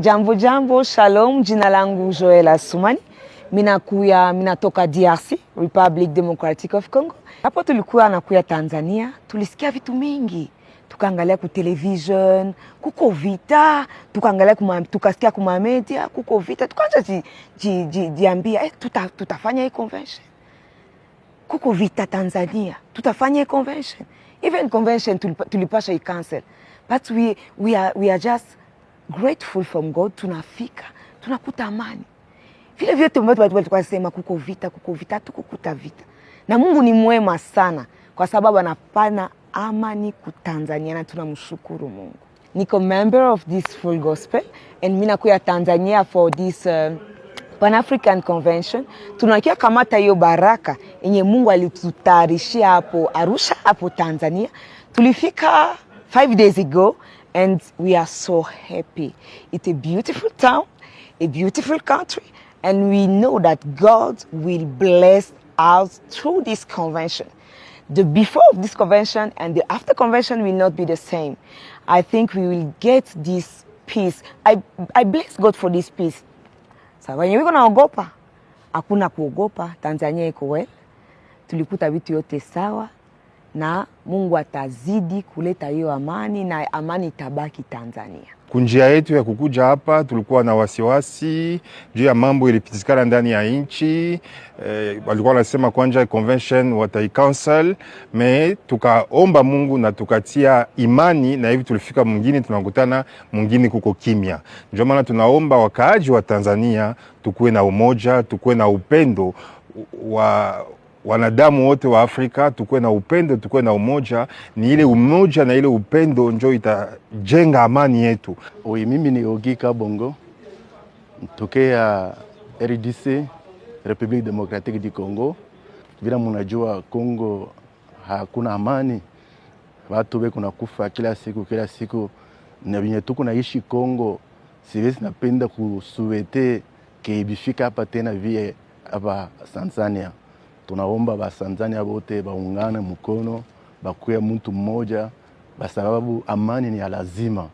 Jambo jambo, shalom. Jina langu Joel Asumani, minakuya minatoka DRC, Republic Democratic of Congo. Hapo tulikuwa nakuya Tanzania, tulisikia vitu mingi, tukaangalia ku television kuko vita, tukaangalia kuma, tukasikia kuma media kuko vita, tukaanza ji, ji, ji, jiambia eh, tuta, tutafanya hii convention, kuko vita Tanzania, tutafanya hii convention. Even convention tulipasha hii cancel, but we, we, are, we are just grateful from God, tunafika tunakuta amani. Vile vyote ambavyo tulikuwa tunasema kuko vita, kuko vita, tukukuta vita, na Mungu ni mwema sana, kwa sababu anapana amani ku Tanzania na tunamshukuru Mungu. Niko member of this full gospel and mimi nakuya Tanzania for this uh, Pan African Convention. Tunakia kamata hiyo baraka yenye Mungu alitutayarishia hapo Arusha hapo Tanzania. Tulifika five days ago and we are so happy. It's a beautiful town, a beautiful country, and we know that God will bless us through this convention. The before of this convention and the after convention will not be the same. I think we will get this peace. I, I bless God for this peace. Sasa wenye wiko naogopa hakuna kuogopa, Tanzania iko well, tulikuta vitu yote sawa na Mungu atazidi kuleta hiyo amani na amani itabaki Tanzania. Kunjia yetu ya kukuja hapa tulikuwa na wasiwasi juu ya mambo ilipitikana ndani ya nchi eh, walikuwa wanasema kwanja convention watai council me, tukaomba Mungu na tukatia imani, na hivi tulifika mwingine, tunakutana mwingine kuko kimya. Ndio maana tunaomba wakaaji wa Tanzania tukuwe na umoja, tukuwe na upendo wa wanadamu wote wa Afrika tukuwe na upendo, tukuwe na umoja. Ni ile umoja na ile upendo njo itajenga amani yetu. Oi, mimi ni Ogi Kabongo mtokea RDC, Republique Democratique du Congo. Vile munajua Congo hakuna amani, watu beko nakufa kila siku kila siku, na venye tuko naishi Congo siwezi napenda kusuwete keibifika hapa tena vie hapa Tanzania tunaomba Batanzania wote baungane mkono, bakuwe mtu mmoja, kwa sababu amani ni ya lazima.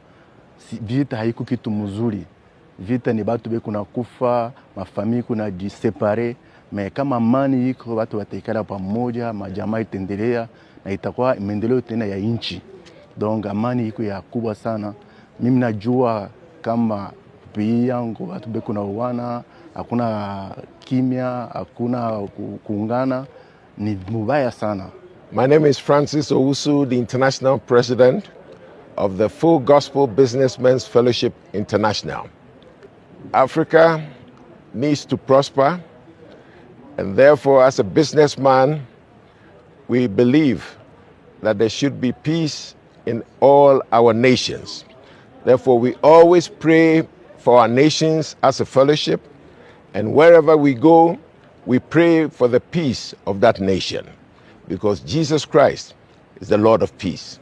Si, vita haiku kitu mzuri. Vita ni batu bekuna kufa, mafamii kuna jisepare me kama amani iko watu wataikala pamoja, majamaa itendelea na itakuwa maendeleo tena ya nchi. Donc amani iko ya kubwa sana. Mimi najua kama pia yangu watu bekuna uwana hakuna kimya, hakuna kuungana, ni mubaya sana. My name is Francis Owusu, the international president of the Full Gospel Businessmen's Fellowship International. Africa needs to prosper, and therefore, as a businessman, we believe that there should be peace in all our nations. Therefore, we always pray for our nations as a fellowship and wherever we go, we pray for the peace of that nation because Jesus Christ is the Lord of peace.